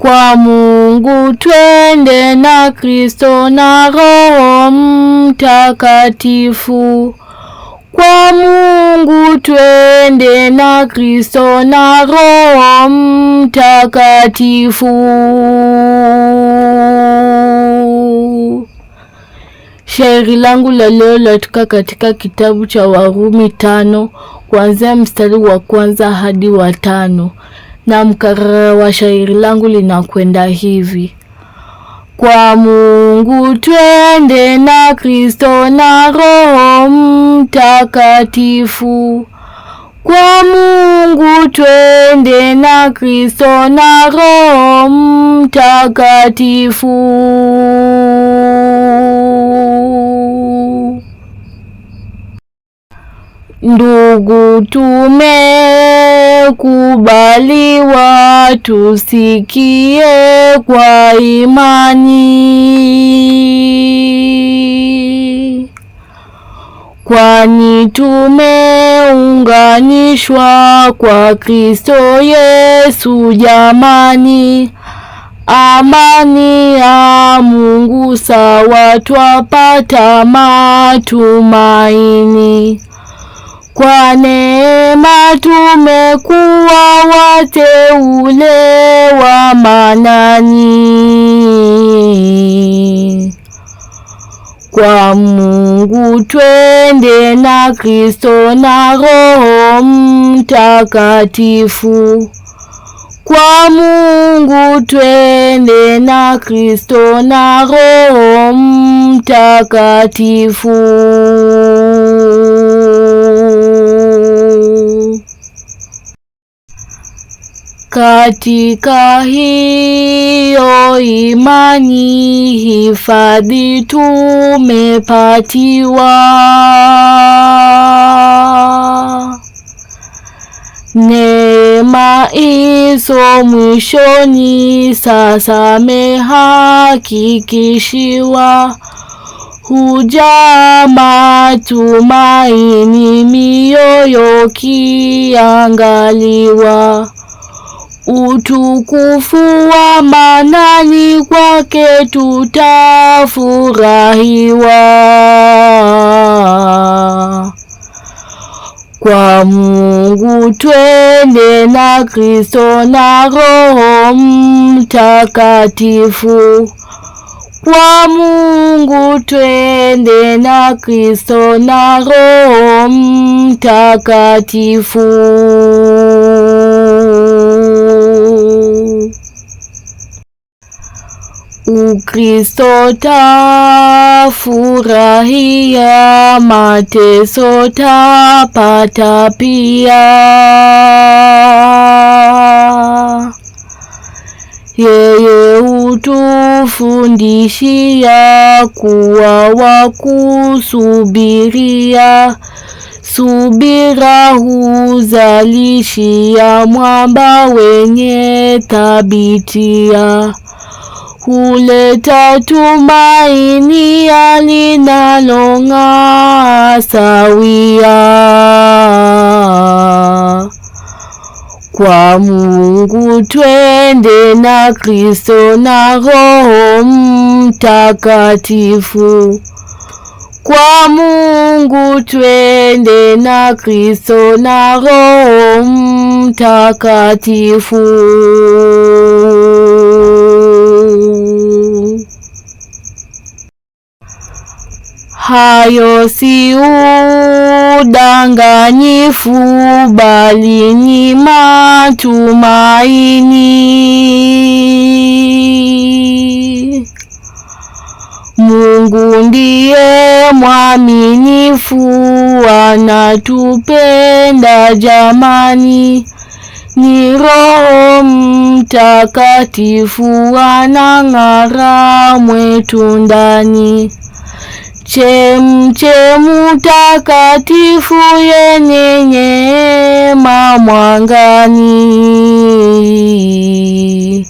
Kwa Mungu twende na Kristo na Roho Mtakatifu. Kwa Mungu twende na Kristo na Roho Mtakatifu. Shairi langu la leo latoka katika kitabu cha Warumi tano kuanzia mstari wa kwanza hadi wa tano na mkarara wa shairi langu linakwenda hivi: kwa Mungu twende na Kristo na Roho Mtakatifu. Kwa Mungu twende na Kristo na Roho Mtakatifu. Ndugu tume Tumekubaliwa tusikie kwa imani, kwani tumeunganishwa kwa Kristo Yesu. Jamani, amani ya Mungu sawa twapata matumaini kwa neema tumekuwa wateule wa Manani. Kwa Mungu twende na Kristo na Roho Mtakatifu. Kwa Mungu twende na Kristo na Roho Mtakatifu. Katika hiyo imani hifadhi tumepatiwa, neema hizo mwishoni sasa mehakikishiwa huja matumaini mioyo kiangaliwa Utukufu wa Manani, kwake tutafurahiwa. Kwa Mungu twende na Kristo na Roho Mtakatifu. Kwa Mungu twende na Kristo na Roho Mtakatifu. Ukristo tafurahia, mateso tapata pia. Yeye hutufundishia kuwa wakusubiria, subira huzalishia mwamba wenye thabitia huleta tumaini ya linalong'aa sawia. Kwa Mungu twende na Kristo na Roho Mtakatifu. Kwa Mungu twende na Kristo na Roho Mtakatifu. hayo si udanganyifu, bali ni matumaini. Mungu ndiye mwaminifu, anatupenda jamani. Ni Roho Mtakatifu anang'ara mwetu ndani chemchemu takatifu yenye neema mwangani.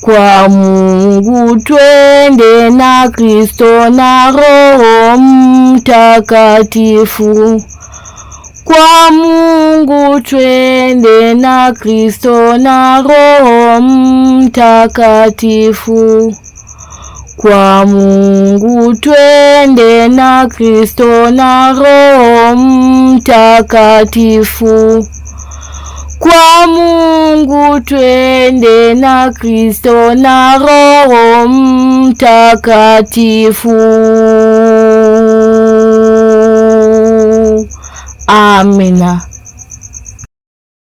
Kwa Mungu twende na Kristo na Roho Mtakatifu. Kwa Mungu twende na Kristo na Roho Mtakatifu. Kwa Mungu twende na Kristo na Roho Mtakatifu. Kwa Mungu twende na Kristo na Roho Mtakatifu. Amina.